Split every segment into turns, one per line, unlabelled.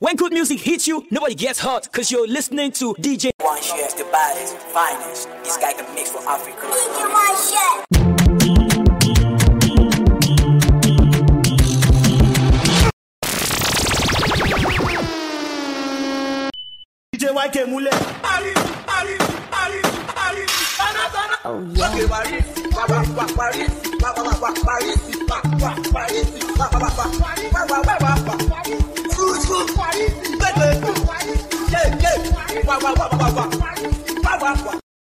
When good music hits you, nobody gets hurt because you're listening to DJ. One shares the baddest, finest. This guy can mix for Africa.
DJ YK Mule. Oh, yeah.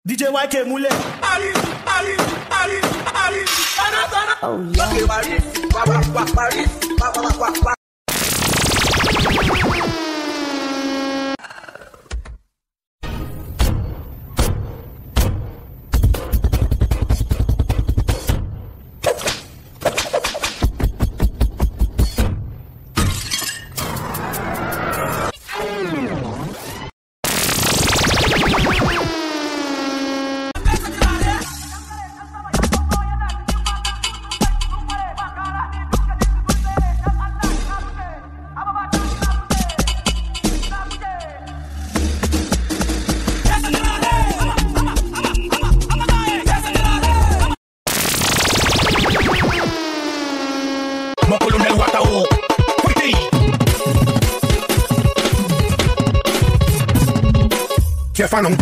DJ YK Mule. Oh, yeah.
como Coronel Guataú. Fuiti.
fanon.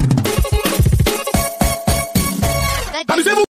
Amusez-vous